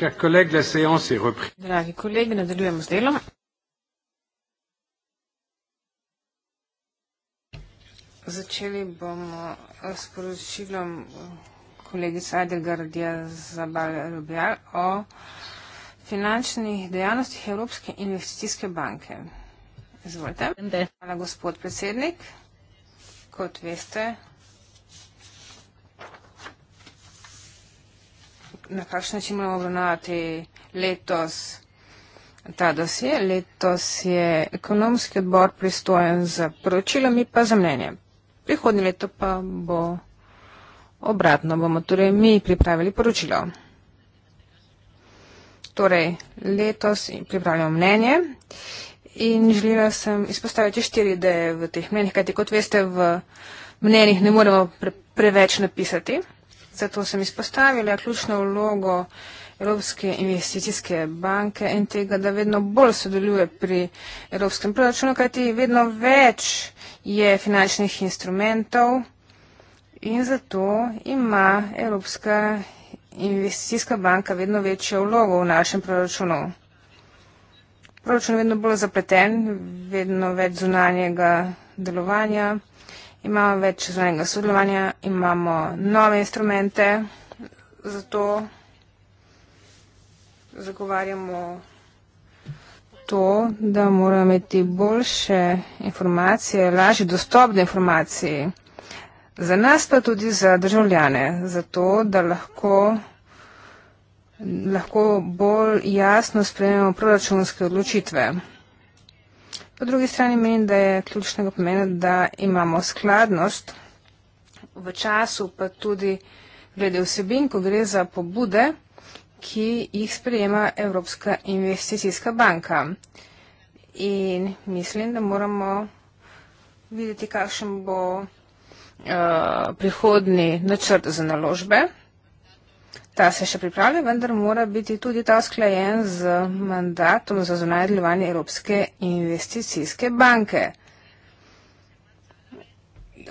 Dragi kolegi, nadaljujemo z delom. Začeli bomo eh, s poročilom eh, kolegice Adelgardija Zabale Rubial o finančnih dejavnostih Evropske investicijske banke. Izvolite. Hvala, gospod predsednik. Kot veste, na kakšen način moramo obravnavati letos ta dosje. Letos je ekonomski odbor pristojen za poročilo, mi pa za mnenje. Prihodnje leto pa bo obratno, bomo torej mi pripravili poročilo. Torej, letos pripravljamo mnenje in želela sem izpostaviti štiri ideje v teh mnenjih, kajti kot veste, v mnenjih ne moremo pre preveč napisati zato sem izpostavila ključno vlogo Evropske investicijske banke in tega, da vedno bolj sodeluje pri evropskem proračunu, kajti vedno več je finančnih instrumentov in zato ima Evropska investicijska banka vedno večjo vlogo v našem proračunu. Proračun je vedno bolj zapleten, vedno več zunanjega delovanja imamo več zvonega sodelovanja, imamo nove instrumente, zato zagovarjamo to, da moramo imeti boljše informacije, lažje dostopne informacije. Za nas pa tudi za državljane, zato da lahko, lahko bolj jasno spremljamo proračunske odločitve. Po drugi strani menim, da je ključnega pomena, da imamo skladnost v času, pa tudi glede vsebin, ko gre za pobude, ki jih sprejema Evropska investicijska banka. In mislim, da moramo videti, kakšen bo uh, eh, prihodni načrt za naložbe. Ta se še pripravlja, vendar mora biti tudi ta sklajen z mandatom za zunaj delovanje Evropske investicijske banke.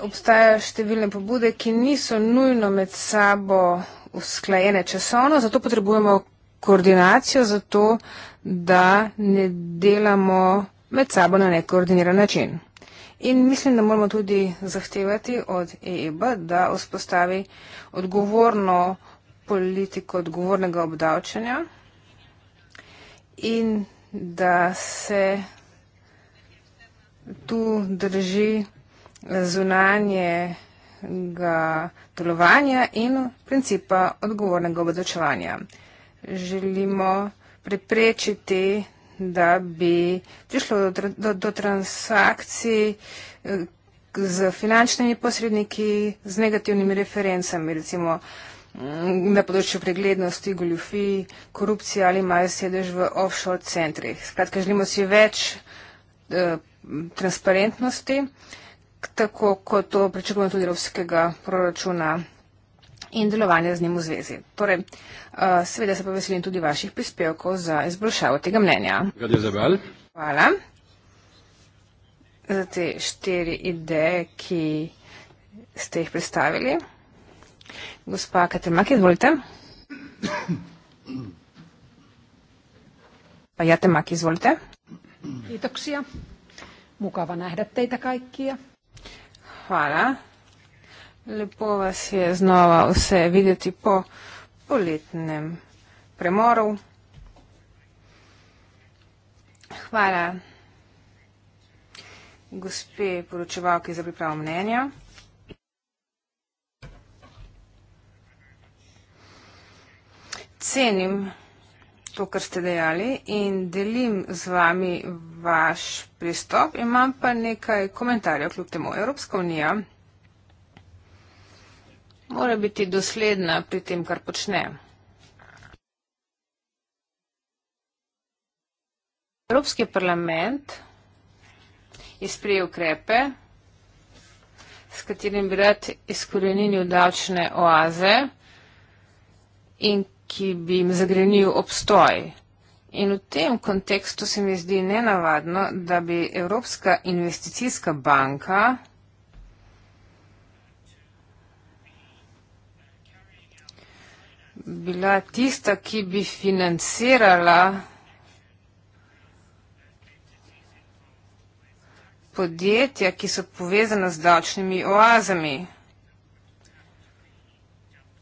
Obstajajo številne pobude, ki niso nujno med sabo usklajene časovno, zato potrebujemo koordinacijo za to, da ne delamo med sabo na nekoordiniran način. In mislim, da moramo tudi zahtevati od EEB, da vzpostavi odgovorno politiko odgovornega obdavčanja in da se tu drži zunanjega delovanja in principa odgovornega obdavčevanja. Želimo preprečiti, da bi prišlo do, do, do transakcij eh, z finančnimi posredniki, z negativnimi referencami, recimo Mm, na področju preglednosti, goljufij, korupcije ali imajo sedež v offshore centrih. Skratka, želimo si več e, transparentnosti, tako kot to pričakujemo tudi evropskega proračuna in delovanja z njim v zvezi. Torej, e, seveda se pa veselim tudi vaših prispevkov za izboljšavo tega mnenja. Hvala za te štiri ideje, ki ste jih predstavili. Gospa Katrmak, izvolite. Pa ja, Temak, izvolite. Kiitoksia. Mukava nähdä teitä kaikkia. Hvala. Lepo vas je znova vse videti po poletnem premoru. Hvala gospe poročevalke za pripravo mnenja. cenim to, kar ste dejali in delim z vami vaš pristop. Imam pa nekaj komentarjev, kljub temu Evropska unija mora biti dosledna pri tem, kar počne. Evropski parlament je sprejel ukrepe, s katerim bi rad izkorenil davčne oaze in ki bi jim zagrenil obstoj. In v tem kontekstu se mi zdi nenavadno, da bi Evropska investicijska banka bila tista, ki bi financirala podjetja, ki so povezana z davčnimi oazami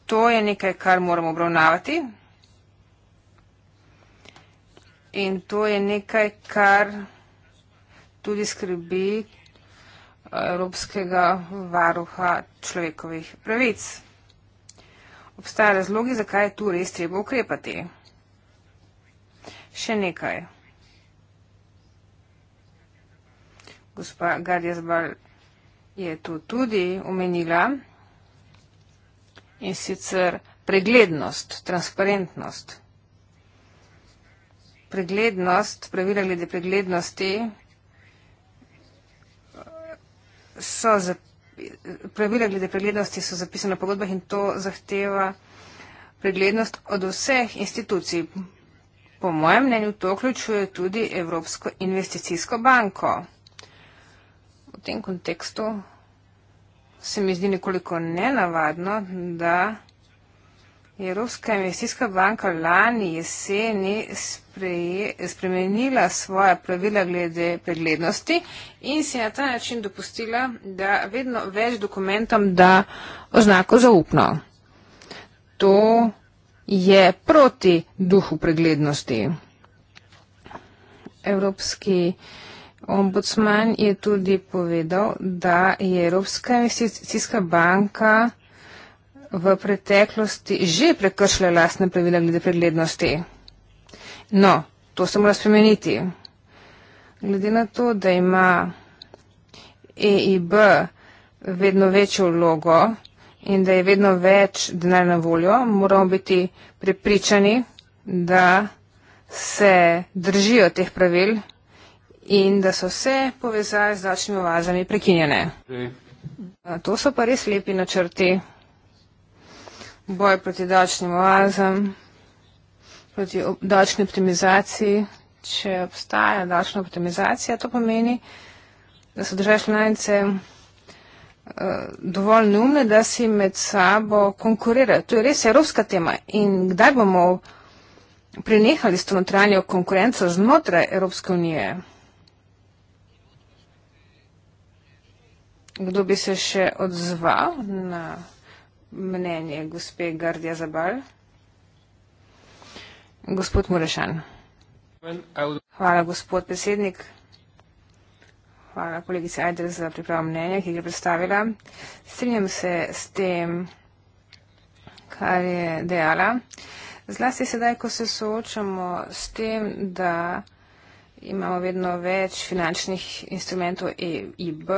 to je nekaj, kar moramo obravnavati. In to je nekaj, kar tudi skrbi eh, Evropskega varuha človekovih pravic. Obstaja razlogi, zakaj je tu res treba ukrepati. Še nekaj. Gospa Gardia Zbal je to tudi omenila in sicer preglednost, transparentnost. Preglednost, pravila glede preglednosti so za Pravila glede preglednosti so zapisane v pogodbah in to zahteva preglednost od vseh institucij. Po mojem mnenju to vključuje tudi Evropsko investicijsko banko. V tem kontekstu se mi zdi nekoliko nenavadno, da je Evropska investicijska banka lani jeseni spreje, spremenila svoja pravila glede preglednosti in si na ta način dopustila, da vedno več dokumentom da oznako zaupno. To je proti duhu preglednosti. Evropski investicijski banka. Ombudsman je tudi povedal, da je Evropska investicijska banka v preteklosti že prekršila lastne pravila glede preglednosti. No, to se mora spremeniti. Glede na to, da ima EIB vedno večjo vlogo in da je vedno več denarja na voljo, moramo biti prepričani, da se držijo teh pravil in da so vse povezave z davčnimi oazami prekinjene. To so pa res lepi načrti. Boj proti davčnim oazam, proti davčni optimizaciji. Če obstaja davčna optimizacija, to pomeni, da so države članice eh, dovolj neumne, da si med sabo konkurirajo. To je res evropska tema. In kdaj bomo prenehali s to notranjo konkurenco znotraj Evropske unije? Kdo bi se še odzval na mnenje gospe Gardija Zabal? Gospod Murešan. Hvala, gospod predsednik. Hvala, kolegica Ajder, za pripravo mnenja, ki ga je predstavila. Strinjam se s tem, kar je dejala. Zlasti sedaj, ko se soočamo s tem, da imamo vedno več finančnih instrumentov EIB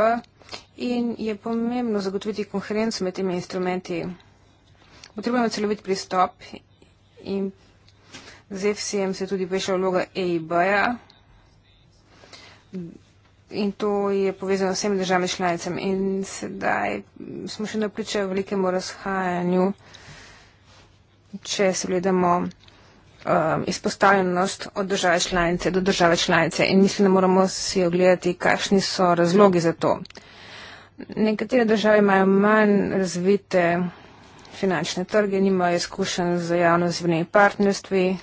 in je pomembno zagotoviti konkurenco med temi instrumenti. Potrebujemo celovit pristop in z FCM se je tudi pešla vloga EIB-ja in to je povezano s vsemi državami članicami in sedaj smo še na priče o velikemu razhajanju, če se gledamo um, izpostavljenost od države članice do države članice in mislim, da moramo si ogledati, kakšni so razlogi za to. Nekatere države imajo manj razvite finančne trge, nimajo izkušenj z javno zvenimi partnerstvi,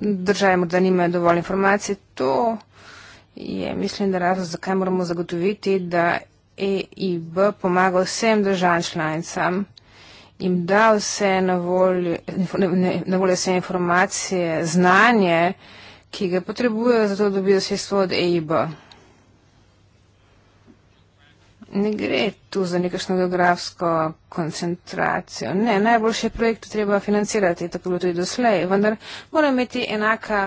države morda nimajo dovolj informacij. To je, mislim, da razlog, zakaj moramo zagotoviti, da EIB pomaga vsem državam članicam jim da vse na voljo, na voljo vse informacije, znanje, ki ga potrebujejo, zato dobijo sredstvo od EIB-a. Ne gre tu za nekakšno geografsko koncentracijo. Ne, najboljše projekte treba financirati, tako je bilo tudi doslej, vendar mora imeti enaka.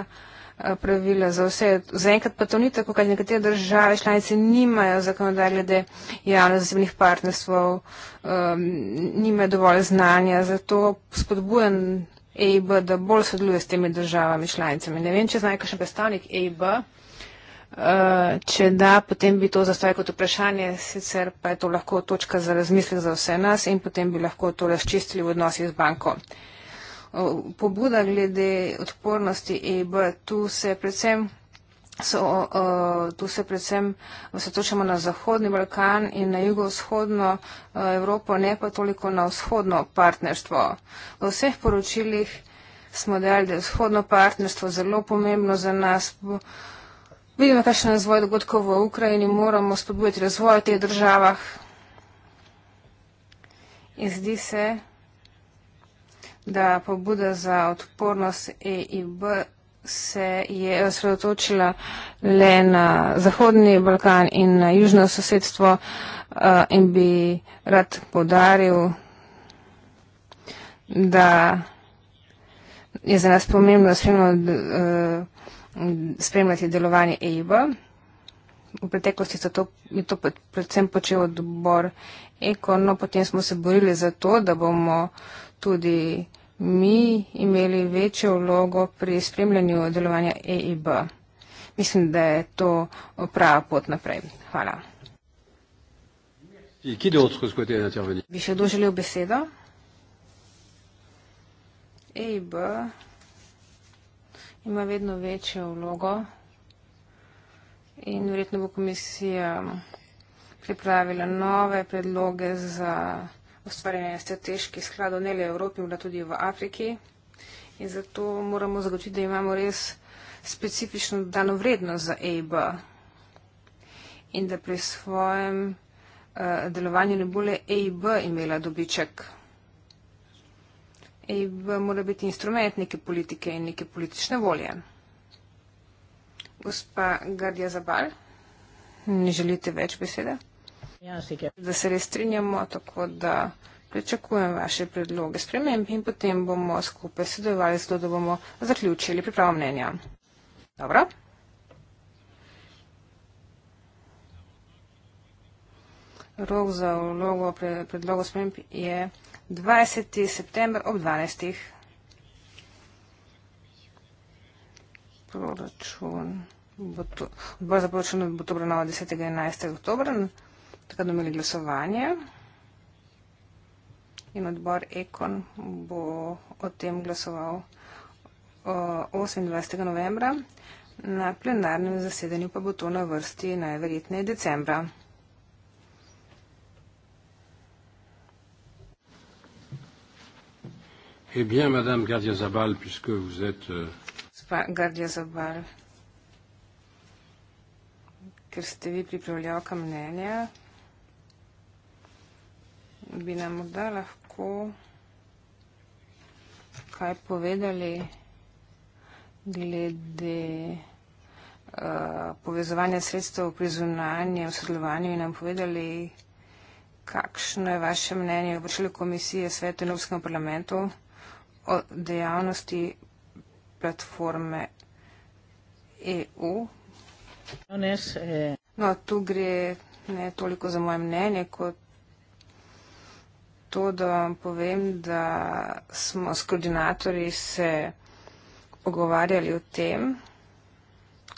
Eh, pravila za vse. Zaenkrat pa to ni tako, kaj nekatere države članice nimajo zakonodaj glede javno-zasebnih partnerstvov, um, nimajo dovolj znanja, zato spodbujem EIB, da bolj sodeluje s temi državami članicami. Ne vem, če znajo kakšen predstavnik EIB, Uh, eh, če da, potem bi to zastavil kot vprašanje, sicer pa je to lahko točka za razmislek za vse nas in potem bi lahko to razčistili v odnosih z bankom. Uh, pobuda glede odpornosti EIB, tu se predvsem. So, uh, tu se predvsem osredotočamo na Zahodni Balkan in na jugovzhodno uh, Evropo, ne pa toliko na vzhodno partnerstvo. V vseh poročilih smo dejali, da je vzhodno partnerstvo zelo pomembno za nas. Vidimo, kakšen je razvoj dogodkov v Ukrajini, moramo spodbujati razvoj v teh državah. In zdi se, da pobuda za odpornost EIB se je osredotočila le na Zahodni Balkan in na južno sosedstvo eh, in bi rad podaril, da je za nas pomembno eh, spremljati delovanje EIB. V preteklosti je to predvsem počel odbor EKO, no potem smo se borili za to, da bomo tudi mi imeli večjo vlogo pri spremljanju delovanja EIB. Mislim, da je to prava pot naprej. Hvala. Bi še doželil besedo? EIB ima vedno večjo vlogo in verjetno bo komisija pripravila nove predloge za ustvarjanje strateških skladov ne le v Evropi, ampak tudi v Afriki. In zato moramo zagotoviti, da imamo res specifično dano vrednost za EIB in da pri svojem uh, delovanju ne bo le EIB imela dobiček. EIB mora biti instrument neke politike in neke politične volje. Gospa Gardija Zabal, ne želite več besede? Ja, da se res strinjamo, tako da pričakujem vaše predloge sprememb in potem bomo skupaj sodelovali, zato da bomo zaključili pripravo mnenja. Dobro. Rok za vlogo predlogo sprememb je 20. september ob 12. Proračun bo to, bo za proračun bo to obravnava 10. in 11. oktobra. Tako da imeli glasovanje in odbor Ekon bo o tem glasoval 28. novembra. Na plenarnem zasedanju pa bo to na vrsti najverjetneje decembra. Eh bien, Madame Gardia Zabal, puisque vous êtes. Euh, Spa Gardia Zabal. Que ste vi pripravljavka mnenja? bi nam morda lahko kaj povedali glede uh, povezovanja sredstev pri zunanjem sodelovanju in nam povedali, kakšno je vaše mnenje o vršilu komisije Sveta Evropskega parlamentu o dejavnosti platforme EU. No, eh. no, tu gre ne toliko za moje mnenje, kot to, da vam povem, da smo s koordinatorji se pogovarjali o tem,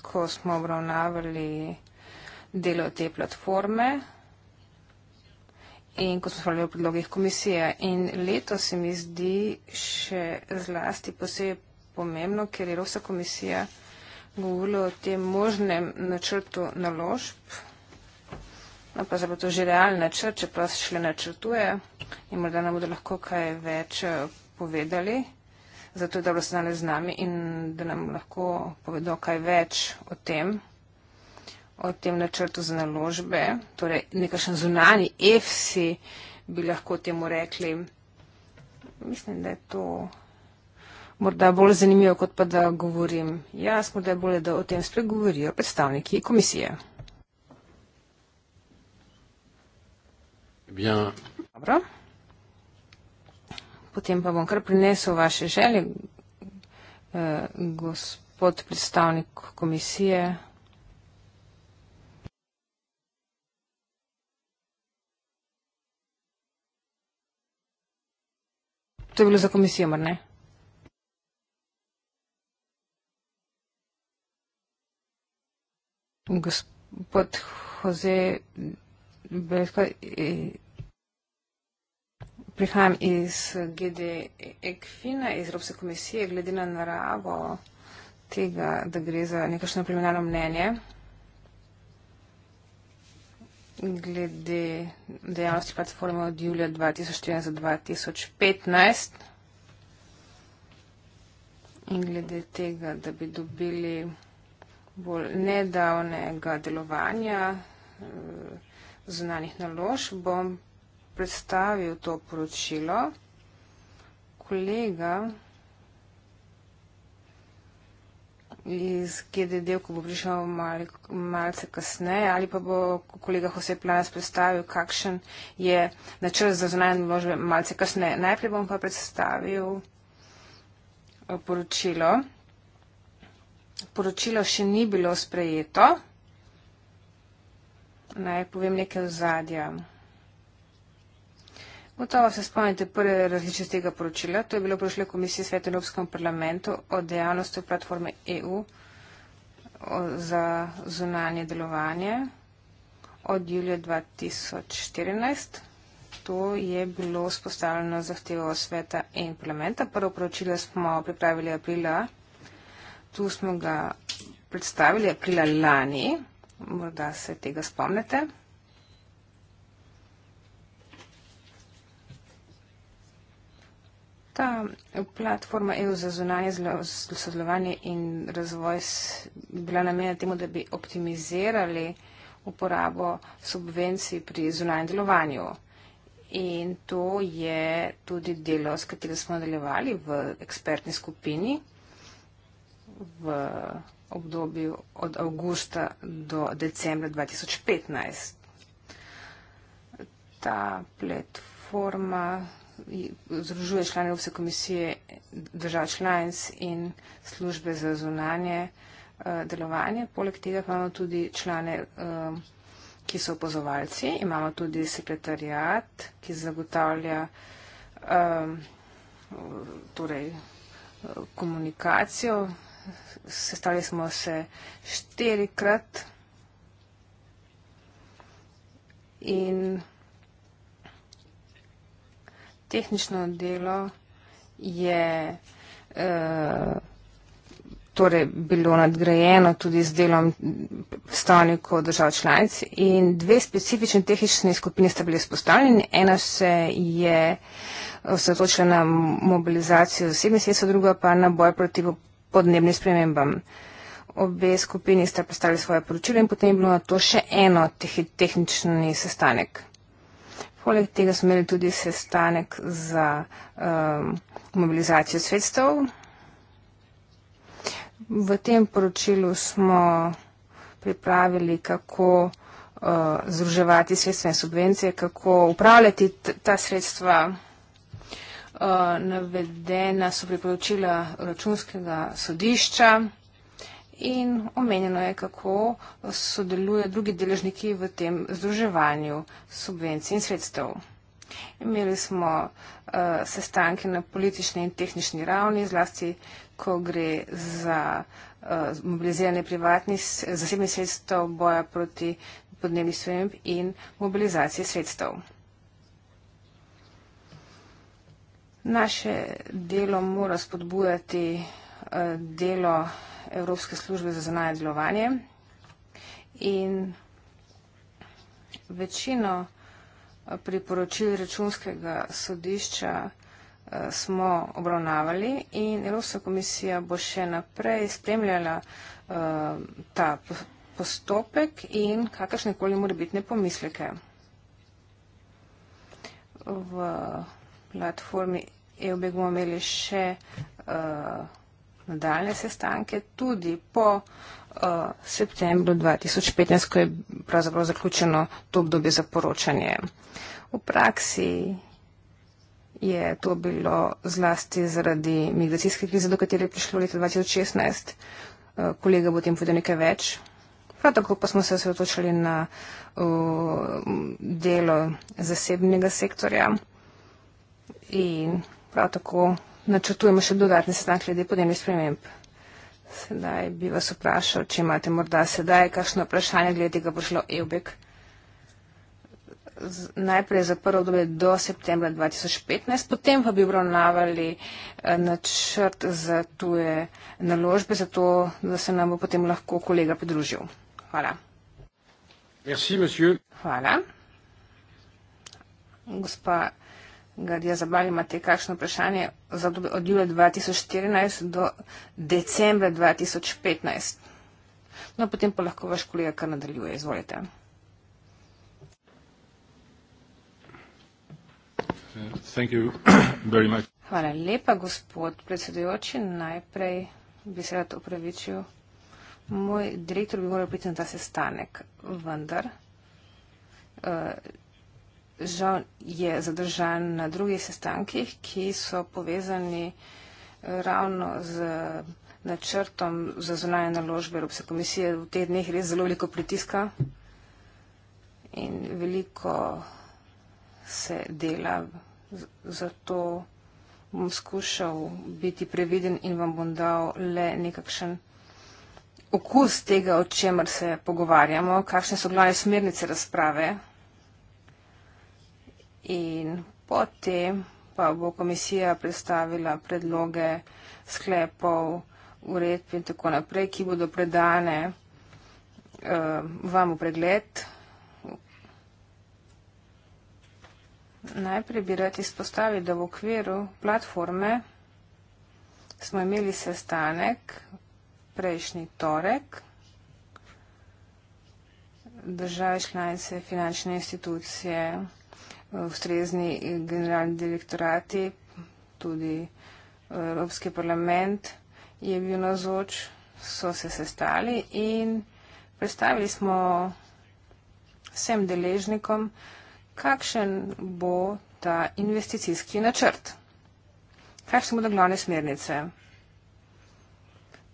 ko smo obravnavali delo te platforme in ko smo spravljali o predlogih komisije. In leto se mi zdi še zlasti posebej pomembno, ker je Evropska komisija govorila o tem možnem načrtu naložb, no pa zato že realni načrt, čeprav se šele načrtuje in morda nam bodo lahko kaj več eh, povedali, zato da bodo stanali z nami in da nam lahko povedo kaj več o tem, o tem načrtu za naložbe, torej nekakšen zunani EFSI bi lahko temu rekli. Mislim, da je to morda bolj zanimivo, kot pa da govorim jaz, morda je bolje, da o tem spregovorijo predstavniki komisije. Bien. Dobro potem pa bom kar prinesel vaše želje, eh, gospod predstavnik komisije. To je bilo za komisijo, mar ne? Gospod Jose Belka, Prihajam iz GD Ekfina, iz Evropske komisije, glede na naravo tega, da gre za nekakšno preliminarno mnenje glede dejavnosti platforme od julija 2014 do 2015 in glede tega, da bi dobili bolj nedavnega delovanja eh, zunanih naložb, bom predstavil to poročilo. Kolega iz GDD, ko bo prišel mal, malce kasneje, ali pa bo kolega Jose Planas predstavil, kakšen je načrt za zunanje naložbe malce kasneje. Najprej bom pa predstavil eh, poročilo. Poročilo še ni bilo sprejeto. Naj povem nekaj v zadnjem. Gotovo se spomnite prve različice tega poročila. To je bilo prišle komisije Sveta Evropskem parlamentu o dejavnosti platforme EU za zunanje delovanje od julija 2014. To je bilo spostavljeno zahtevo sveta in parlamenta. Prvo poročilo smo pripravili aprila. Tu smo ga predstavili aprila lani. Morda se tega spomnite. ta platforma EU za zunanje sodelovanje in razvoj bila namenjena temu, da bi optimizirali uporabo subvencij pri zunanjem delovanju. In to je tudi delo, s katero smo nadaljevali v ekspertni skupini v obdobju od avgusta do decembra 2015. Ta platforma združuje člane Evropske komisije, držav članic in službe za zunanje eh, delovanje. Poleg tega pa imamo tudi člane, eh, ki so opozovalci, imamo tudi sekretarijat, ki zagotavlja eh, torej, komunikacijo. Sestali smo se štirikrat in tehnično delo je eh, torej bilo nadgrajeno tudi z delom predstavnikov držav članic in dve specifični tehnični skupini sta bili spostavljeni. Ena se je osredotočila na mobilizacijo zasebnih sredstev, druga pa na boj proti podnebnim spremembam. Obe skupini sta predstavili svoje poročilo in potem je bilo na to še eno tehnični sestanek. Poleg tega smo imeli tudi sestanek za um, mobilizacijo sredstev. V tem poročilu smo pripravili, kako uh, združevati sredstva in subvencije, kako upravljati ta sredstva. Uh, navedena so priporočila računskega sodišča in omenjeno je, kako sodeluje drugi deležniki v tem združevanju subvencij in sredstev. Imeli smo uh, sestanke na politični in tehnični ravni, zlasti ko gre za uh, mobiliziranje privatnih zasebnih sredstev, boja proti podnebnim spremembam in mobilizacije sredstev. Naše delo mora spodbujati uh, delo uh, Evropske službe za zunanje delovanje in večino eh, priporočil računskega sodišča eh, smo obravnavali in Evropska komisija bo še naprej spremljala eh, ta postopek in kakršnekoli morebitne pomisleke. V platformi EU bomo imeli še uh, nadaljne sestanke tudi po uh, septembru 2015, ko je pravzaprav zaključeno to obdobje za poročanje. V praksi je to bilo zlasti zaradi migracijske krize, do katere je prišlo leta 2016. Eh, kolega bo tem povedal nekaj več. Prav tako pa smo se osredotočili na eh, delo zasebnega sektorja in prav tako načrtujemo še dodatne sestanke glede podnebnih sprememb. Sedaj bi vas vprašal, če imate morda sedaj kakšno vprašanje glede, ga bo šlo EUBEK. Najprej za prvo obdobje do septembra 2015, potem pa bi obravnavali eh, načrt za tuje naložbe, zato da se nam bo potem lahko kolega pridružil. Hvala. Merci, Hvala. Gospa Gardija Zabal ima te kakšno vprašanje od julija 2014 do decembra 2015. No, potem pa lahko vaš kolega kar nadaljuje. Izvolite. Hvala lepa, gospod predsedujoči. Najprej bi se rad opravičil. Moj direktor bi moral priti na ta sestanek, vendar. Uh, žal je zadržan na drugih sestankih, ki so povezani eh, ravno z načrtom za zunanje naložbe Evropske komisije. V teh dneh res zelo veliko pritiska in veliko se dela. Zato bom skušal biti previden in vam bom dal le nekakšen okus tega, o čemer se pogovarjamo, kakšne so glavne smernice razprave in potem pa bo komisija predstavila predloge sklepov, uredb in tako naprej, ki bodo predane uh, vam v pregled. Najprej bi rad izpostavil, da v okviru platforme smo imeli sestanek prejšnji torek države članice finančne institucije. Eh, ustrezni generalni direktorati, tudi eh, Evropski parlament je bil na zoč, so se sestali in predstavili smo vsem deležnikom, kakšen bo ta investicijski načrt. Kakšne bodo glavne smernice?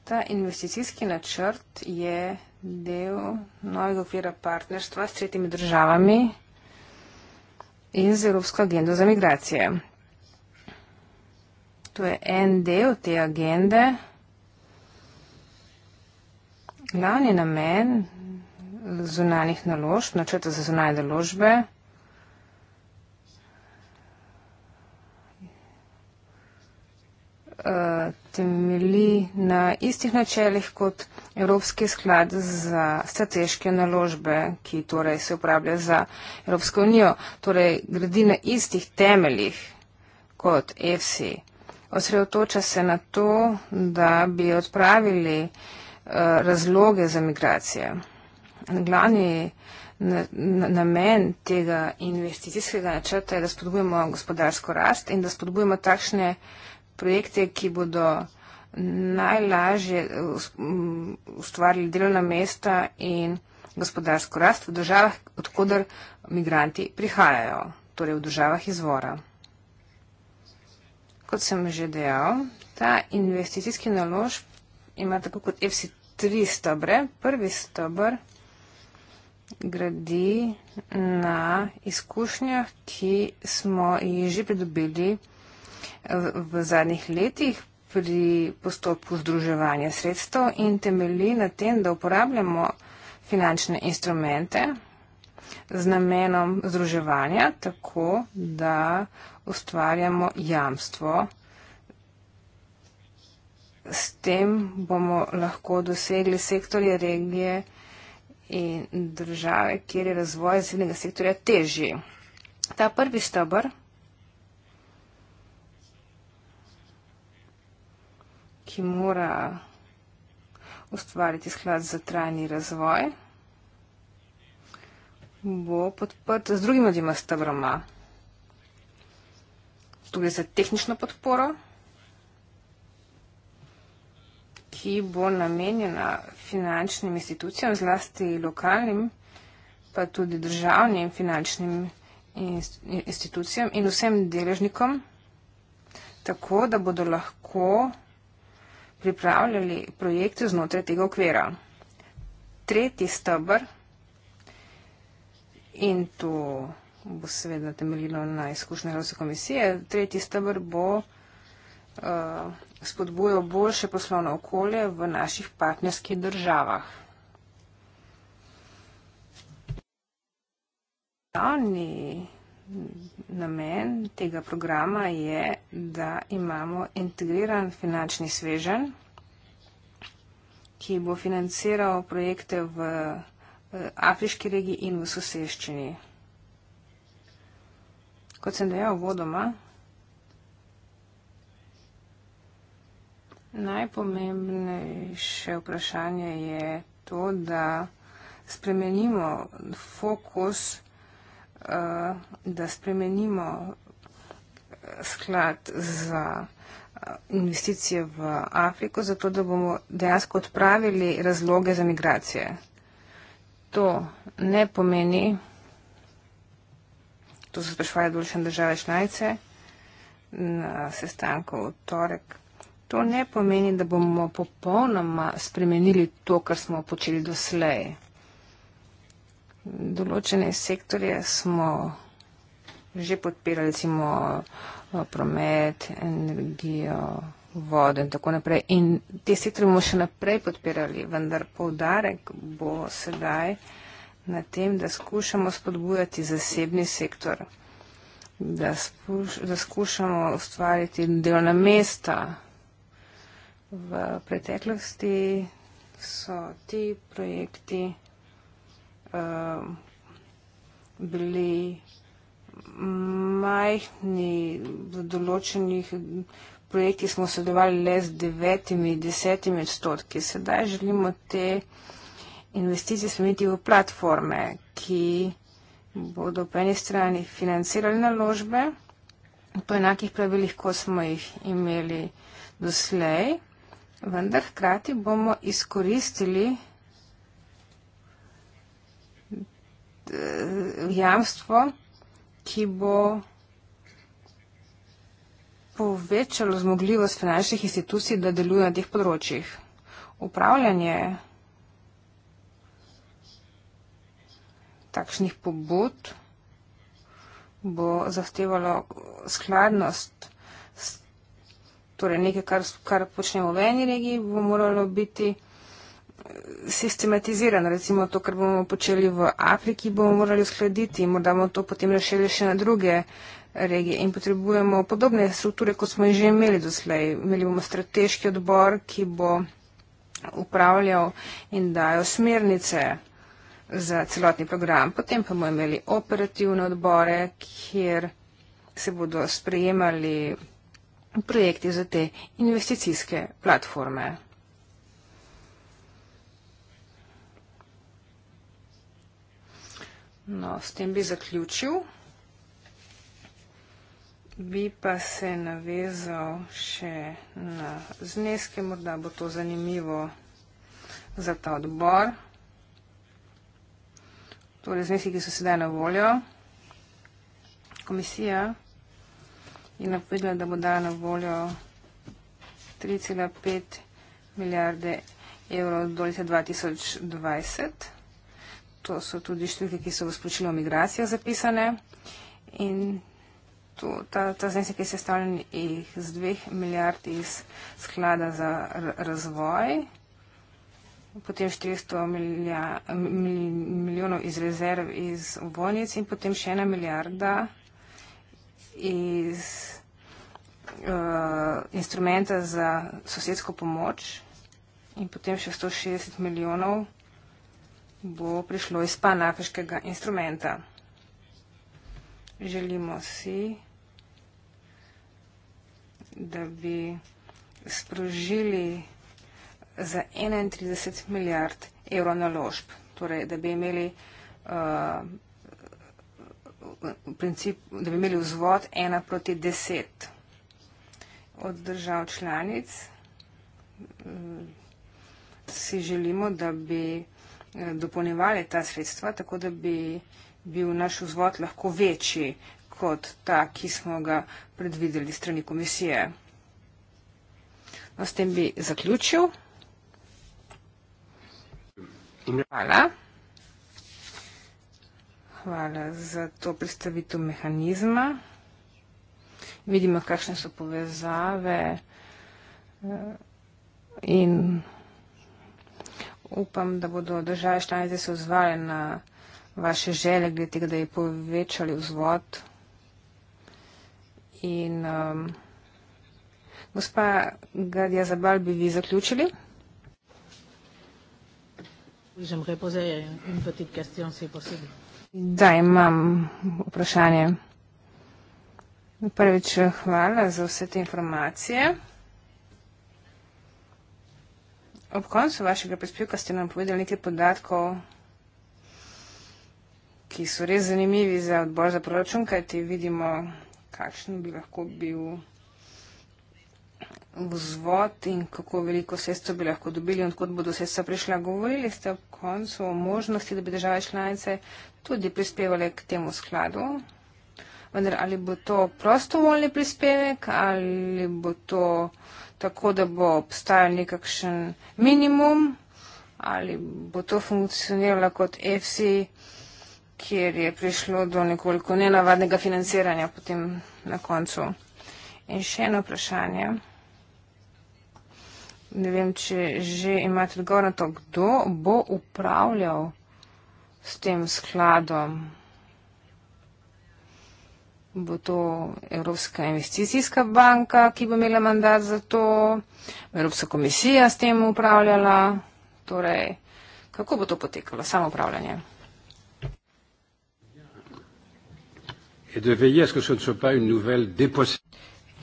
Ta investicijski načrt je del novega okvira partnerstva s tretjimi državami in z Evropsko agendo za migracije. To je en del te agende. Glavni namen zunanih naložb, načrta za zunanje naložbe, eh, temeli na istih načelih kot. Evropski sklad za strateške naložbe, ki torej se uporablja za Evropsko unijo, torej gradi na istih temeljih kot EFSI. Osredotoča se na to, da bi odpravili eh, razloge za migracije. Glavni namen tega investicijskega načrta je, da spodbujemo gospodarsko rast in da spodbujemo takšne projekte, ki bodo najlažje eh, mm, ustvarili delovna mesta in gospodarsko rast v državah, odkudar migranti prihajajo, torej v državah izvora. Kot sem že dejal, ta investicijski nalož ima tako kot FC3 stobre. Prvi stobr gradi na izkušnjah, ki smo jih že pridobili v zadnjih letih, pri postopku združevanja sredstev in temelji na tem, da uporabljamo finančne instrumente z namenom združevanja, tako da ustvarjamo jamstvo. S tem bomo lahko dosegli sektorje regije in države, kjer je razvoj zivnega sektorja težji. Ta prvi stabr ki mora ustvariti sklad za trajni razvoj, bo podprt z drugima dvima stavroma. Tu gre za tehnično podporo, ki bo namenjena finančnim institucijam, zlasti lokalnim, pa tudi državnim finančnim institucijam in vsem deležnikom, tako da bodo lahko pripravljali projekte znotraj tega okvira. Tretji stebr in to bo seveda temeljilo na izkušnje Evropske komisije, tretji stebr bo uh, spodbujal boljše poslovno okolje v naših partnerskih državah. Glavni namen tega programa je, da imamo integriran finančni svežen, ki bo financiral projekte v eh, afriški regiji in v soseščini. Kot sem dejal vodoma, najpomembnejše vprašanje je to, da spremenimo fokus vsega, Eh, da spremenimo eh, sklad za eh, investicije v Afriko, zato da bomo dejansko odpravili razloge za migracije. To ne pomeni, to so sprašvali določene države članice na sestanku v torek, to ne pomeni, da bomo popolnoma spremenili to, kar smo počeli doslej določene sektorje smo že podpirali, recimo eh, promet, energijo, vodo in tako naprej. In te sektorje bomo še naprej podpirali, vendar poudarek bo sedaj na tem, da skušamo spodbujati zasebni sektor, da, spuš, da skušamo ustvariti delovna mesta. V preteklosti so ti projekti. Eh, bili majhni, v določenih projektih smo sodelovali le z devetimi, desetimi odstotki. Sedaj želimo te investicije spremeniti v platforme, ki bodo po eni strani financirali naložbe po enakih pravilih, kot smo jih imeli doslej, vendar hkrati bomo izkoristili jamstvo, ki bo povečalo zmogljivost finančnih institucij, da deluje na teh področjih. Upravljanje takšnih pobud bo zahtevalo skladnost, torej nekaj, kar, kar počnemo v eni regiji, bo moralo biti sistematiziran. Recimo to, kar bomo počeli v Afriki, bomo morali uskladiti in morda bomo to potem rešili še na druge regije. In potrebujemo podobne strukture, kot smo jih že imeli doslej. Imeli bomo strateški odbor, ki bo upravljal in dajo smernice za celotni program. Potem pa bomo imeli operativne odbore, kjer se bodo sprejemali projekti za te investicijske platforme. No, s tem bi zaključil. Bi pa se navezal še na zneske, morda bo to zanimivo za ta odbor. Torej, zneski, ki so sedaj na voljo. Komisija je napovedala, da bo dala na voljo 3,5 milijarde evrov do leta 2020 to so tudi številke, ki so v spočilu migracije zapisane. In to, ta, ta znesek je sestavljen iz dveh milijard iz sklada za razvoj, potem 400 milija, mil, milijonov iz rezerv iz obvojnic in potem še ena milijarda iz uh, instrumenta za sosedsko pomoč in potem še 160 milijonov bo prišlo iz panafriškega instrumenta. Želimo si, da bi sprožili za 31 milijard evrov naložb, torej da bi imeli, uh, princip, da bi imeli vzvod 1 proti 10 od držav članic. Uh, si želimo, da bi dopolnjevali ta sredstva, tako da bi bil naš vzvod lahko večji kot ta, ki smo ga predvideli strani komisije. No, s tem bi zaključil. Hvala. Hvala za to predstavitev mehanizma. Vidimo, kakšne so povezave eh, in upam, da bodo države članice se ozvale na vaše žele, glede tega, da je povečali vzvod. In um, gospa Gadja Zabal, bi vi zaključili? Da, imam vprašanje. Prvič, hvala za vse te informacije ob koncu vašega prispevka ste nam povedali nekaj podatkov, ki so res zanimivi za odbor za proračun, kajti vidimo, kakšen bi lahko bil vzvod in kako veliko sredstva bi lahko dobili in odkud bodo sredstva prišla. Govorili ste ob koncu o možnosti, da bi države članice tudi prispevale k temu skladu. Vendar ali bo to prostovoljni prispevek ali bo to. Uh, tako, da bo obstajal nekakšen minimum ali bo to funkcioniralo kot FC, kjer je prišlo do nekoliko nenavadnega financiranja potem na koncu. In še eno vprašanje. Ne vem, če že imate odgovor na to, kdo bo upravljal s tem skladom bo to Evropska investicijska banka, ki bo imela mandat za to, Evropska komisija s tem upravljala. Torej, kako bo to potekalo, samo upravljanje?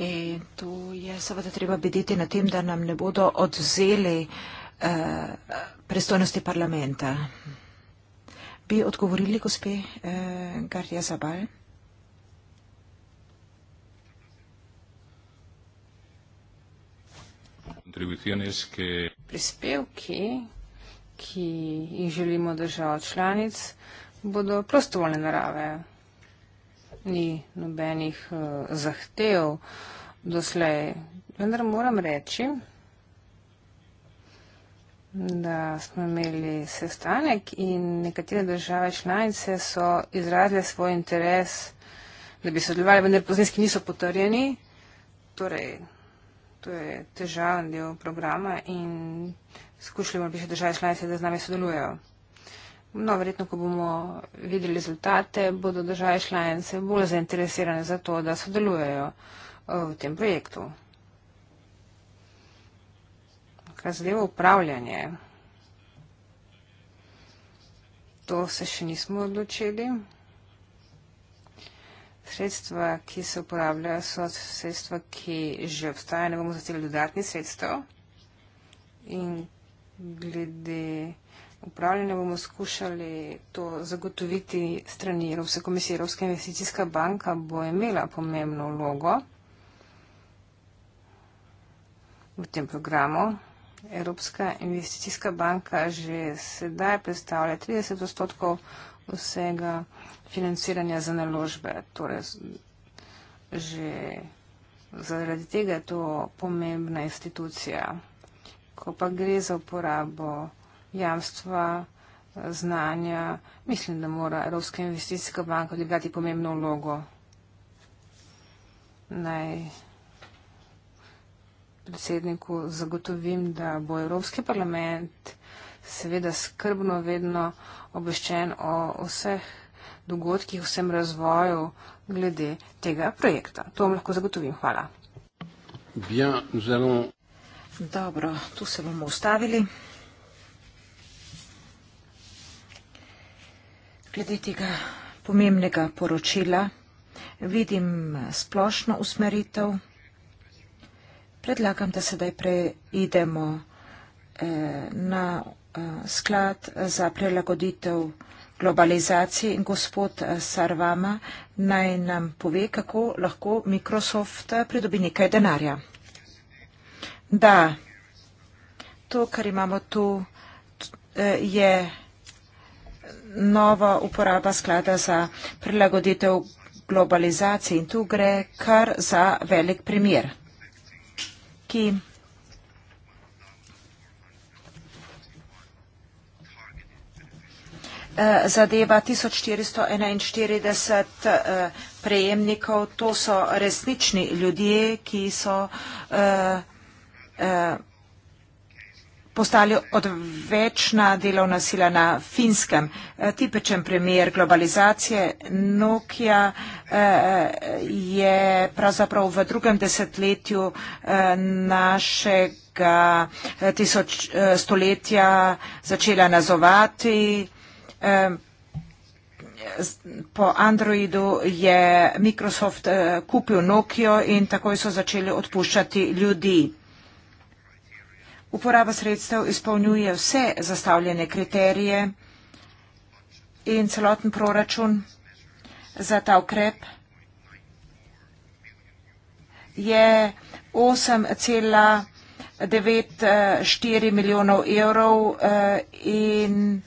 E tu je seveda treba bediti na tem, da nam ne bodo odzeli uh, eh, pristojnosti parlamenta. Bi odgovorili, gospe uh, eh, Gardija Zabal? kontribucijones que... Prispevki, ki jih želimo držav članic, bodo prostovoljne narave. Ni nobenih uh, zahtev doslej. Vendar moram reči, da smo imeli sestanek in nekatere države članice so izrazile svoj interes, da bi sodelovali, vendar pozneski niso potrjeni. Torej, to je težaven del programa in skušljamo bi še države članice, da z nami sodelujejo. No, verjetno, ko bomo videli rezultate, bodo države članice bolj zainteresirane za to, da sodelujejo eh, v tem projektu. Kar zadeva upravljanje, to se še nismo odločili. Sredstva, ki se uporabljajo, so sredstva, ki že obstajajo, ne bomo zateli dodatni sredstev. In glede upravljanja bomo skušali to zagotoviti strani Evropske komisije. Evropska investicijska banka bo imela pomembno vlogo v tem programu. Evropska investicijska banka že sedaj predstavlja 30 odstotkov vsega financiranja za naložbe. Torej, že zaradi tega je to pomembna institucija. Ko pa gre za uporabo jamstva, znanja, mislim, da mora Evropska investicijska banka odigrati pomembno vlogo. Naj predsedniku zagotovim, da bo Evropski parlament seveda skrbno vedno obveščen o vseh dogodkih, vsem razvoju glede tega projekta. To vam lahko zagotovim. Hvala. Bien, allons... Dobro, tu se bomo ustavili. Glede tega pomembnega poročila vidim splošno usmeritev. Predlagam, da sedaj preidemo eh, na eh, sklad za prelagoditev eh, globalizacije in gospod eh, Sarvama naj nam pove, kako lahko Microsoft eh, pridobi nekaj denarja. Da, to, kar imamo tu, eh, je nova uporaba sklada za prilagoditev globalizacije in tu gre kar za velik primer, ki Eh, zadeva 1441 eh, prejemnikov. To so resnični ljudje, ki so eh, postali odvečna delovna sila na finskem. Tipečen primer globalizacije Nokia je pravzaprav v drugem desetletju našega tisočstoletja začela nazovati po Androidu je Microsoft eh, kupil Nokio in takoj so začeli odpuščati ljudi. Uporaba sredstev izpolnjuje vse zastavljene kriterije in celoten proračun za ta ukrep je 8,94 eh, milijonov evrov eh, in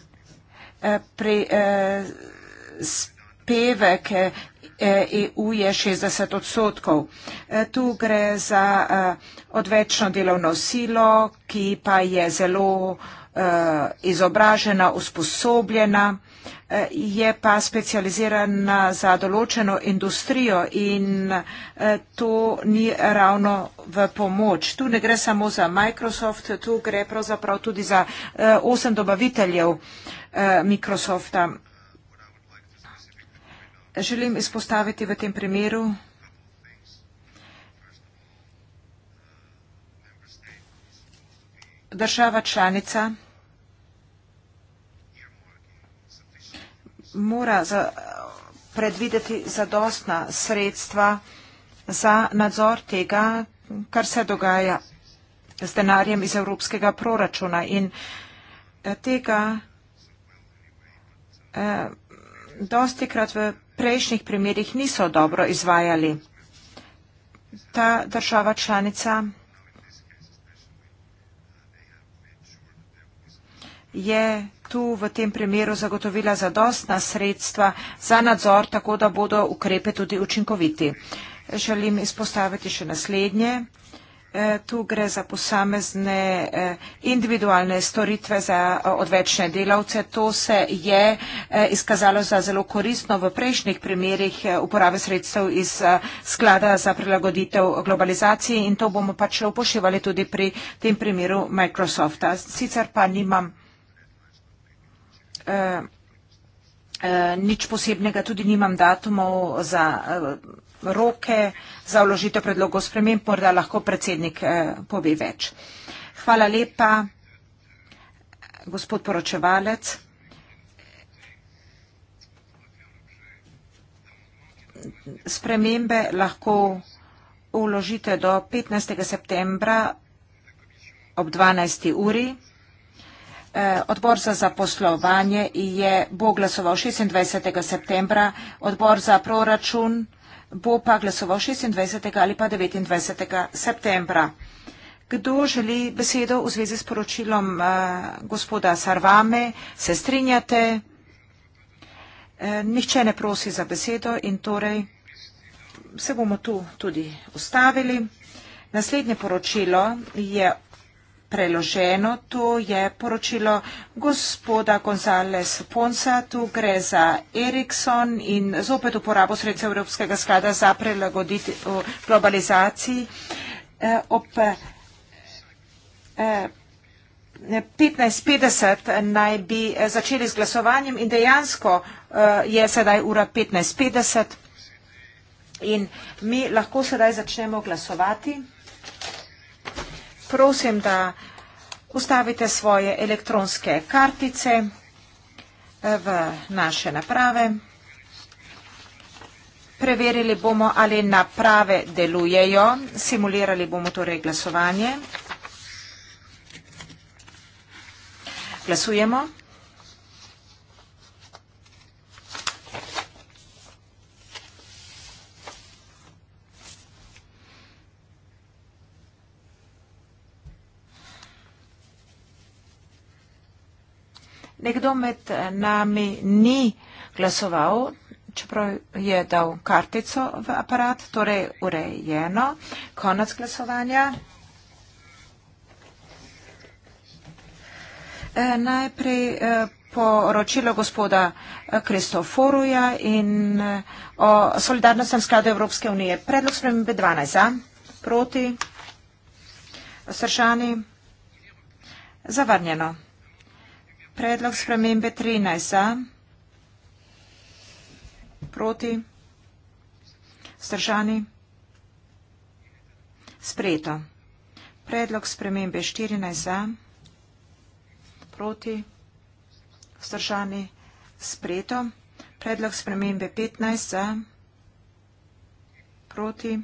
pre, eh, spevek EU eh, e je 60 odstotkov. Eh, tu gre za eh, odvečno delovno silo, ki pa je zelo izobražena, usposobljena je pa specializiran za določeno industrijo in eh, to ni ravno v pomoč. Tu ne gre samo za Microsoft, tu gre pravzaprav tudi za eh, osem dobaviteljev eh, Microsofta. Želim izpostaviti v tem primeru država članica, mora za, predvideti zadostna sredstva za nadzor tega, kar se dogaja z denarjem iz evropskega proračuna in eh, tega eh, dosti krat v prejšnjih primerjih niso dobro izvajali. Ta država članica je eh, tu v tem primeru zagotovila zadostna sredstva za nadzor, tako da bodo ukrepe tudi učinkoviti. Želim izpostaviti še naslednje. E, tu gre za posamezne e, individualne storitve za e, odvečne delavce. To se je izkazalo za zelo koristno v prejšnjih primerih uporabe sredstev iz sklada za prilagoditev globalizaciji in to bomo pač upošivali tudi pri tem primeru Microsofta. Sicer pa nimam uh, nič posebnega, tudi nimam datumov za uh, roke, za vložitev predlogov sprememb, morda lahko predsednik uh, pove več. Hvala lepa, gospod poročevalec. Spremembe lahko vložite do 15. septembra ob 12. uri. Eh, odbor za zaposlovanje je bo glasoval 26. septembra, odbor za proračun bo pa glasoval 26. ali pa 29. septembra. Kdo želi besedo v zvezi s poročilom uh, gospoda Sarvame? Se strinjate? Uh, nihče ne prosi za besedo in torej se bomo tu tudi ustavili. Naslednje poročilo je preloženo, to je poročilo gospoda González Ponsa, tu gre za Ericsson in zopet uporabo sredstev Evropskega sklada za prelagoditi globalizaciji. E, ob 15.50 e, naj bi začeli z glasovanjem in dejansko e, je sedaj ura 15.50. In mi lahko sedaj začnemo glasovati prosim, da ustavite svoje elektronske kartice eh, v naše naprave. Preverili bomo, ali naprave delujejo, simulirali bomo torej glasovanje. Glasujemo. Nekdo med nami ni glasoval, čeprav je dal kartico v aparat, torej urejeno. Konec glasovanja. E, najprej e, poročilo gospoda e, Kristoforuja in o solidarnostnem skladu Evropske unije. Predlog spremembe 12 za, proti, sršani, zavarnjeno. Predlog spremembe 13. Proti. Stržani. Spreto. Predlog spremembe 14. Proti. Stržani. Spreto. Predlog spremembe 15. Proti.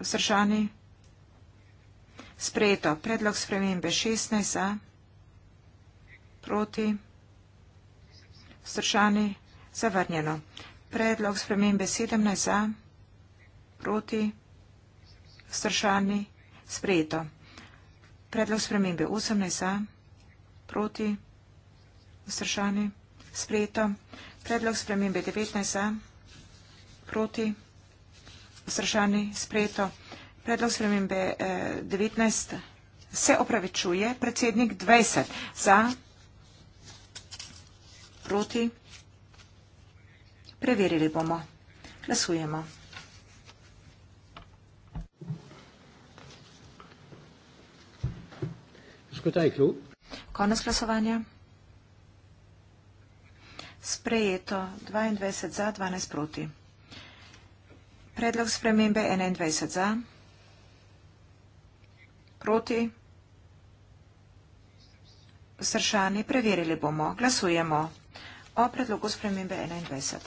Stržani. Spreto. Predlog spremembe 16. Proti. Proti. Vzdržani. Zavrnjeno. Predlog spremembe 17 za. Proti. Vzdržani. Sprejeto. Predlog spremembe 18 za. Proti. Vzdržani. Sprejeto. Predlog spremembe 19 za. Proti. Vzdržani. Sprejeto. Predlog spremembe 19 eh, se opravičuje. Predsednik 20 za. Proti proti? Preverili bomo. Glasujemo. Konec glasovanja. Sprejeto 22 za, 12 proti. Predlog spremembe 21 za, proti. Zdržani, preverili bomo. Glasujemo o predlogu spremembe 21.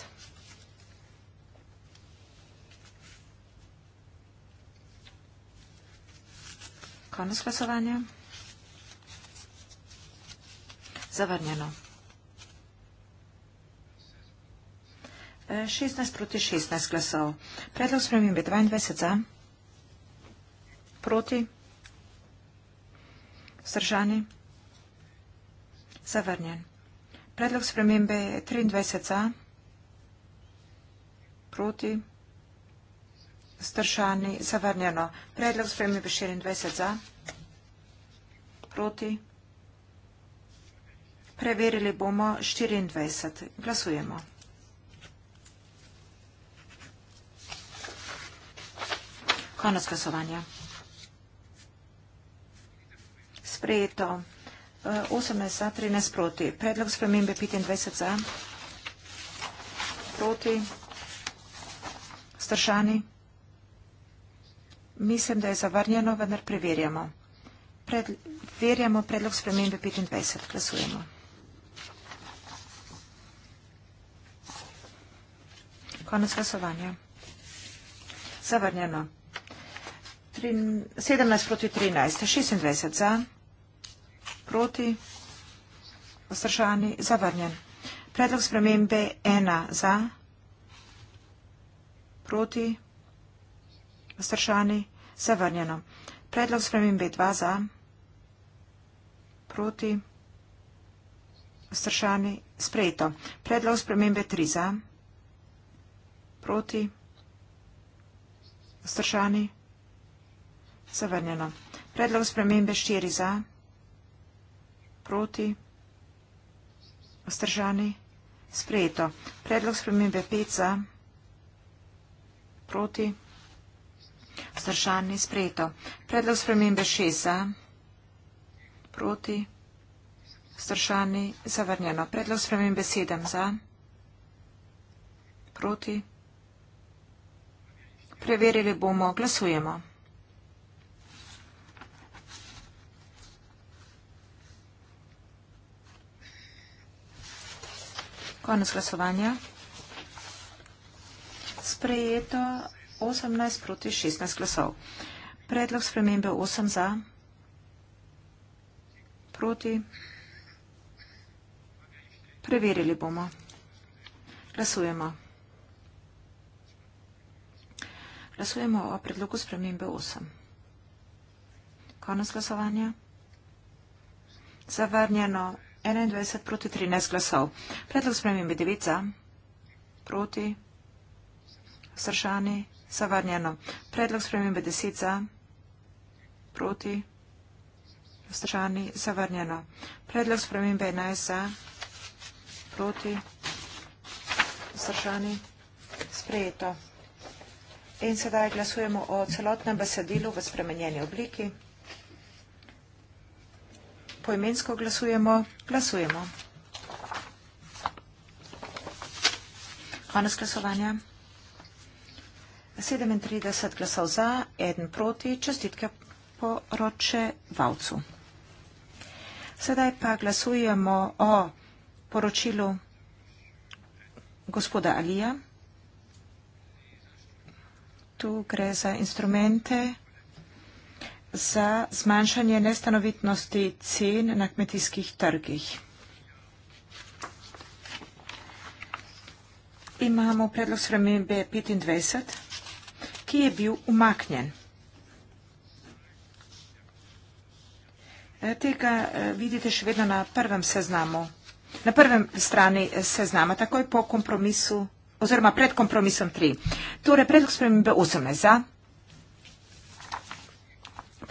Konec glasovanja. Zavrnjeno. 16 e, proti 16 glasov. Predlog spremembe 22 za. Proti. Vzdržani. Zavrnjen. Predlog spremembe je 23. Proti. Stršani zavrnjeno. Predlog spremembe 24. Proti. Preverili bomo 24. Glasujemo. Konec glasovanja. Sprejeto. 18 za, 13 proti. Predlog spremembe 25 za, proti, stršani. Mislim, da je zavrnjeno, vendar preverjamo. Pred, verjamo predlog spremembe 25. Glasujemo. Konec glasovanja. Zavrnjeno. Trin, 17 proti 13, 26 za proti. Vzdržani zavrnjen. Predlog spremembe ena za, proti, vzdržani zavrnjeno. Predlog spremembe dva za, proti, vzdržani sprejeto. Predlog spremembe tri za, proti, vzdržani zavrnjeno. Predlog spremembe štiri za, proti, vzdržani zavrnjeno proti. Ostržani. Sprejeto. Predlog spremembe 5 za. Proti. Ostržani. Sprejeto. Predlog spremembe 6 za. Proti. Ostržani. Zavrnjeno. Predlog spremembe 7 za. Proti. Preverili bomo. Glasujemo. Glasujemo. Konec glasovanja. Sprejeto 18 proti 16 glasov. Predlog spremembe 8 za, proti. Preverili bomo. Glasujemo. Glasujemo o predlogu spremembe 8. Konec glasovanja. Zavrnjeno 21 proti 13 glasov. Predlog spremem je 9 za, proti, vzdržani, zavarnjeno. Predlog spremem je 10 za, proti, vzdržani, zavarnjeno. Predlog spremem je 11 za, proti, vzdržani, sprejeto. In sedaj glasujemo o celotnem besedilu v spremenjeni obliki poimensko glasujemo. Glasujemo. Konec glasovanja. 37 glasov za, 1 proti, čestitke poroče Valcu. Sedaj pa glasujemo o poročilu gospoda Alija. Tu gre za instrumente za zmanjšanje nestanovitnosti cen na kmetijskih trgih. Imamo predlog spremembe 25, ki je bil umaknjen. Tega eh, vidite še vedno na prvem seznamu, na prvem strani eh, seznama, takoj po kompromisu oziroma pred kompromisom 3. Torej, predlog spremembe 18 za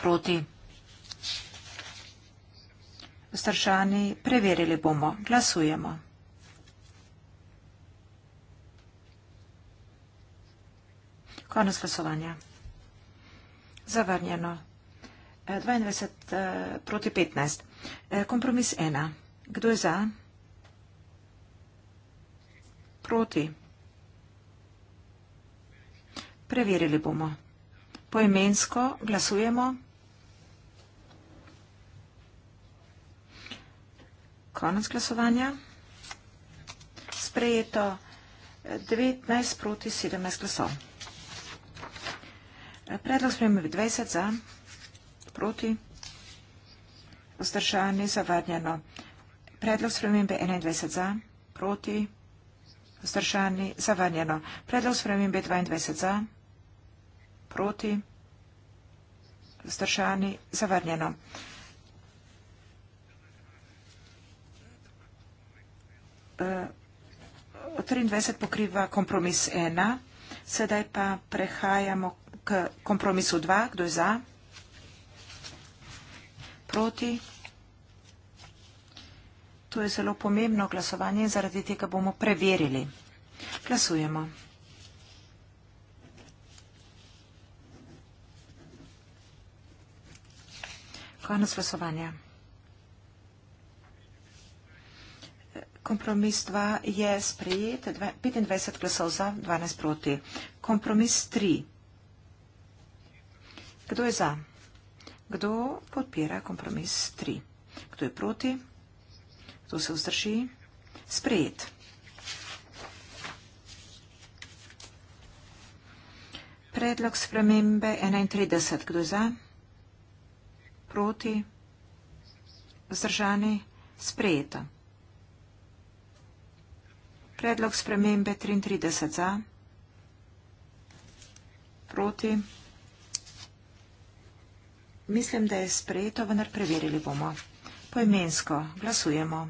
proti. Zdržani, preverili bomo. Glasujemo. Konec glasovanja. Zavrnjeno. 22 eh, eh, proti 15. Eh, kompromis 1. Kdo je za? Proti. Preverili bomo. Poimensko glasujemo. konec glasovanja. Sprejeto 19 proti 17 glasov. Predlog spremembe 20 za, proti, vzdržani, zavadnjeno. Predlog spremembe 21 za, proti, vzdržani, zavadnjeno. Predlog spremembe 22 za, proti, vzdržani, zavadnjeno. 23 eh, pokriva kompromis 1. Sedaj pa prehajamo k kompromisu 2. Kdo je za? Proti? To je zelo pomembno glasovanje in zaradi tega bomo preverili. Glasujemo. Konec glasovanja. Kompromis 2 je sprejet, 25 glasov za, 12 proti. Kompromis 3. Kdo je za? Kdo podpira kompromis 3? Kdo je proti? Kdo se vzdrži? Sprejet. Predlog spremembe 31. Kdo je za? Proti? Vzdržani? Sprejeto. Predlog spremembe 33 za, proti. Mislim, da je sprejeto, vendar preverili bomo. Poimensko glasujemo.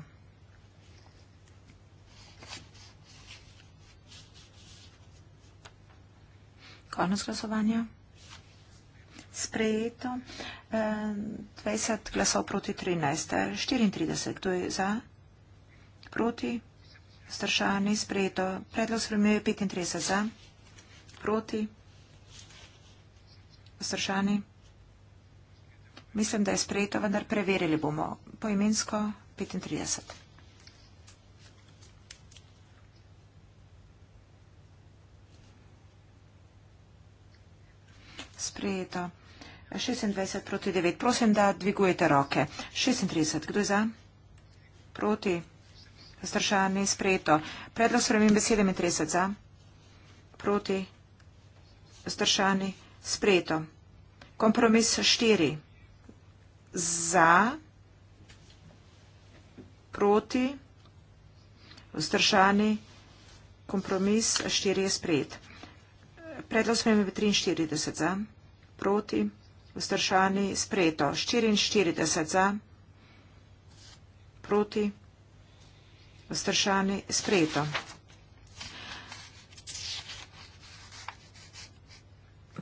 Konec glasovanja. Sprejeto. 20 eh, glasov proti 13. 34. Eh, Kdo je za? Proti. Stršani sprejeto. Predlog spremljajo 35 za. Proti. Stršani. Mislim, da je sprejeto, vendar preverili bomo. Poimensko 35. Sprejeto. 26 proti 9. Prosim, da dvigujete roke. 36. Kdo je za? Proti. Proti. Zdržanje je sprejeto. Predlog spremembe 37 za. Proti. Zdržanje je sprejeto. Kompromis 4 za. Proti. Zdržanje. Kompromis 4 je sprejet. Predlog spremembe 43 za. Proti. Zdržanje je sprejeto. 44 za. Proti. Vstršani sprejeto.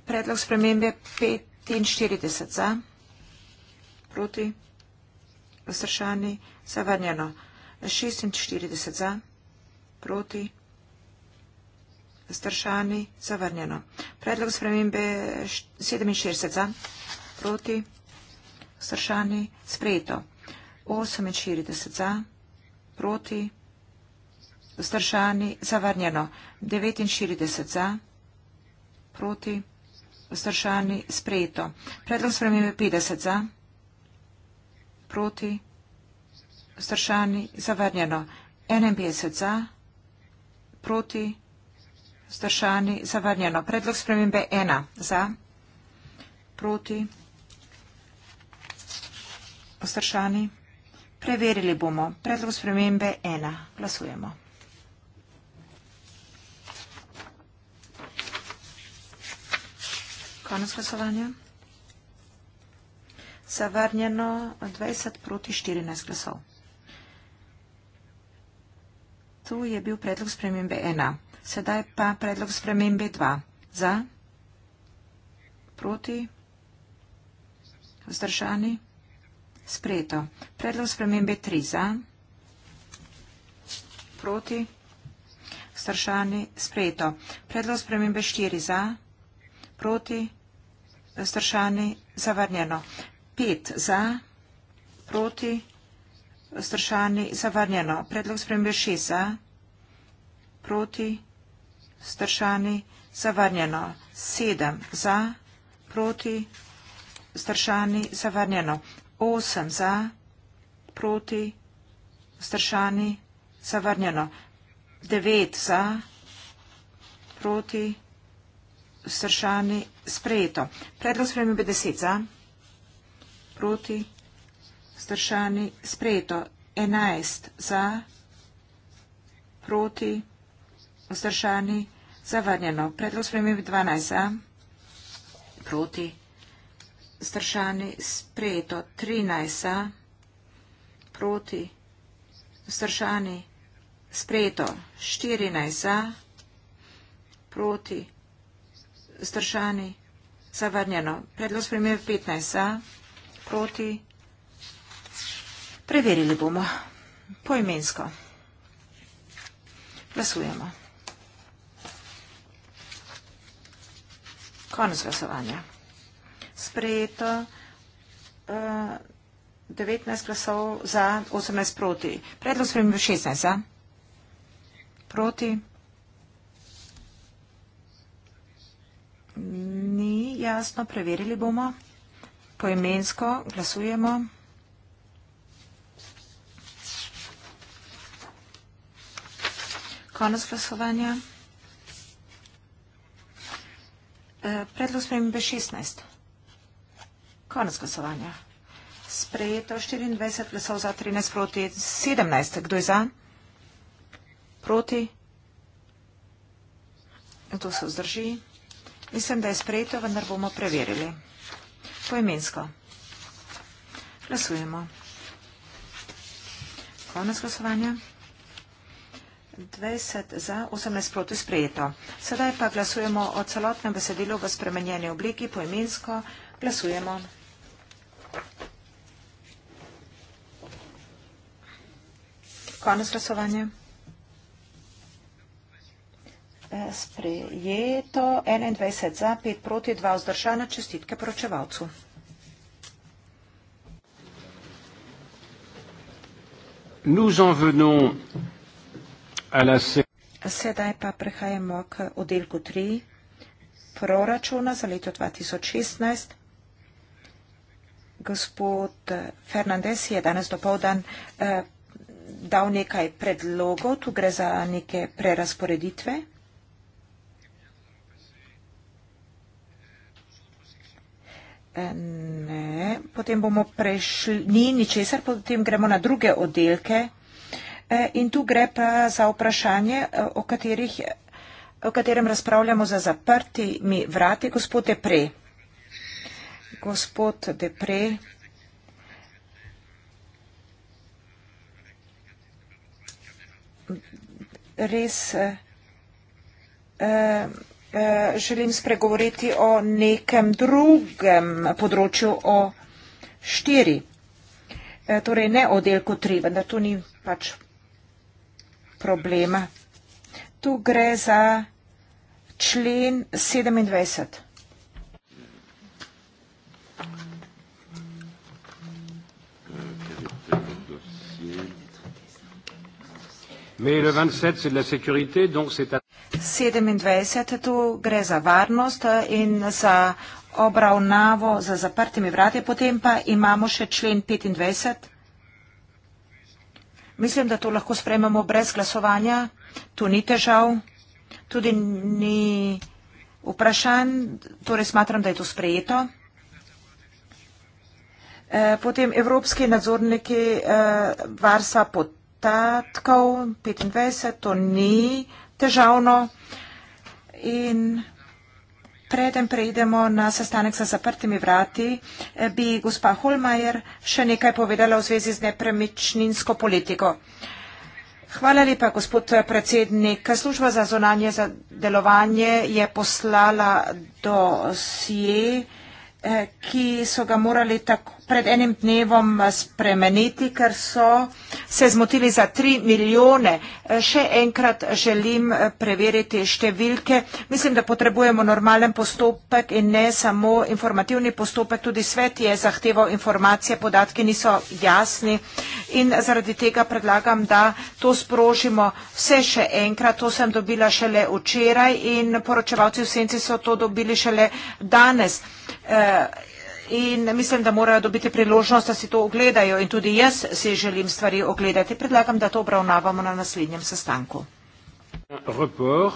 Predlog spremembe 45 za, proti, vstršani, zavrnjeno. 46 za, proti, vstršani, zavrnjeno. Predlog spremembe 47 za, proti, vstršani, sprejeto. 48 za, proti, vstršani, zavrnjeno proti, vzdržani, zavrnjeno, 49 za, proti, vzdržani, sprejeto. Predlog spremembe 50 za, proti, vzdržani, zavrnjeno, 51 za, proti, vzdržani, zavrnjeno. Predlog spremembe 1 za, proti, vzdržani, zavrnjeno. Preverili bomo. Predlog spremembe 1. Glasujemo. Konec glasovanja. Zavrnjeno 20 proti 14 glasov. Tu je bil predlog spremembe 1. Sedaj pa predlog spremembe 2. Za, proti, vzdržani sprejeto. Predlog spremembe 3 za, proti, vzdržani, sprejeto. Predlog spremembe 4 za, proti, vzdržani, zavrnjeno. 5 za, proti, vzdržani, zavrnjeno. Predlog spremembe 6 za, proti, vzdržani, zavrnjeno. 7 za, proti, vzdržani, zavrnjeno. 8 za, proti, vzdržani, zavrnjeno. 9 za, proti, vzdržani, sprejeto. Predlog spremljamo bi 10 za, proti, vzdržani, sprejeto. 11 za, proti, vzdržani, zavrnjeno. Predlog spremljamo bi 12 za, proti, vzdržani vzdržani sprejeto 13 proti vzdržani sprejeto 14 proti vzdržani zavrnjeno. Predlog spremljiv 15 proti preverili bomo poimensko. Glasujemo. Konec glasovanja sprejeto 19 eh, glasov za 18 proti. Predlog spremembe 16 za. Proti. Ni jasno, preverili bomo. Poimensko glasujemo. Konec glasovanja. Eh, predlog spremembe 16. Konec glasovanja. Sprejeto 24 glasov za 13 proti 17. Kdo je za? Proti? Kdo se vzdrži? Mislim, da je sprejeto, vendar bomo preverili. Poimensko. Glasujemo. Konec glasovanja. 20 za, 18 proti sprejeto. Sedaj pa glasujemo o celotnem besedilu v spremenjeni obliki poimensko. Glasujemo. Konec glasovanja. E, sprejeto 21 za, 5 proti, 2 vzdržana. Čestitke poročevalcu. Sedaj pa prehajamo k oddelku 3 proračuna za leto 2016 gospod eh, Fernandez je danes dopovdan eh, dal nekaj predlogov, tu gre za neke prerasporeditve. Eh, ne, potem bomo prešli, ni ničesar, potem gremo na druge oddelke. Eh, in tu gre pa za vprašanje, o, katerih, o katerem razpravljamo za zaprti mi vrati, gospod Depre gospod Depre, res eh, eh, želim spregovoriti o nekem drugem področju, o štiri. Eh, torej ne o delku tri, vendar tu ni pač problema. Tu gre za člen 27. 27. tu gre za varnost eh, in za obravnavo za zaprtimi vrati, potem pa imamo še člen 25. Mislim, da to lahko sprememo brez glasovanja. Tu ni težav, tudi ni vprašan, torej smatram, da je to sprejeto. Eh, potem evropski nadzorniki eh, varstva potrebujejo izdatkov, 25, to ni težavno. In preden preidemo na sestanek za zaprtimi vrati, eh, bi gospa Holmajer še nekaj povedala v zvezi z nepremičninsko politiko. Hvala lepa, gospod predsednik. Služba za zonanje za delovanje je poslala dosje eh, Eh, ki so ga morali tako pred enim dnevom eh, spremeniti, ker so se zmotili za 3 milijone. Eh, še enkrat želim preveriti številke. Mislim, da potrebujemo normalen postopek in ne samo informativni postopek. Tudi svet je zahteval informacije, podatki niso jasni in zaradi tega predlagam, da to sprožimo vse še enkrat. To sem dobila šele včeraj in poročevalci v Senci so to dobili šele danes. Eh, in mislim, da morajo dobiti priložnost, da si to ogledajo. In tudi jaz si želim stvari ogledati. Predlagam, da to obravnavamo na naslednjem sestanku. Report.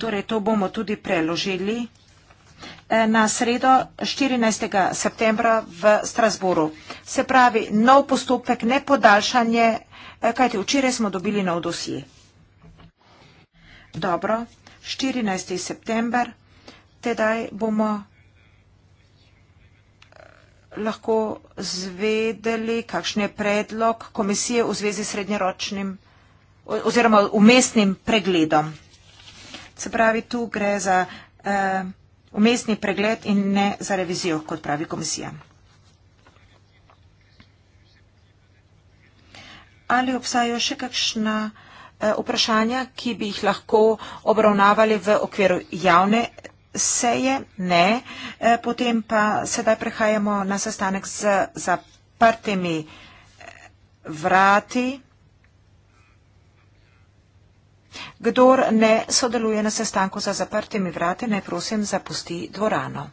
Torej, to bomo tudi preložili eh, na sredo 14. septembra v Strasboru. Se pravi, nov postopek, ne podaljšanje, eh, kajti včeraj smo dobili nov dosje. Dobro, 14. september, tedaj bomo lahko zvedeli, kakšen je predlog komisije v zvezi s srednjeročnim oziroma umestnim pregledom. Se pravi, tu gre za uh, umestni pregled in ne za revizijo, kot pravi komisija. Ali obstajajo še kakšna uh, vprašanja, ki bi jih lahko obravnavali v okviru javne seje ne, e, potem pa sedaj prehajamo na sestanek z zaprtimi e, vrati. Kdor ne sodeluje na sestanku za zaprtimi vrati, naj prosim zapusti dvorano.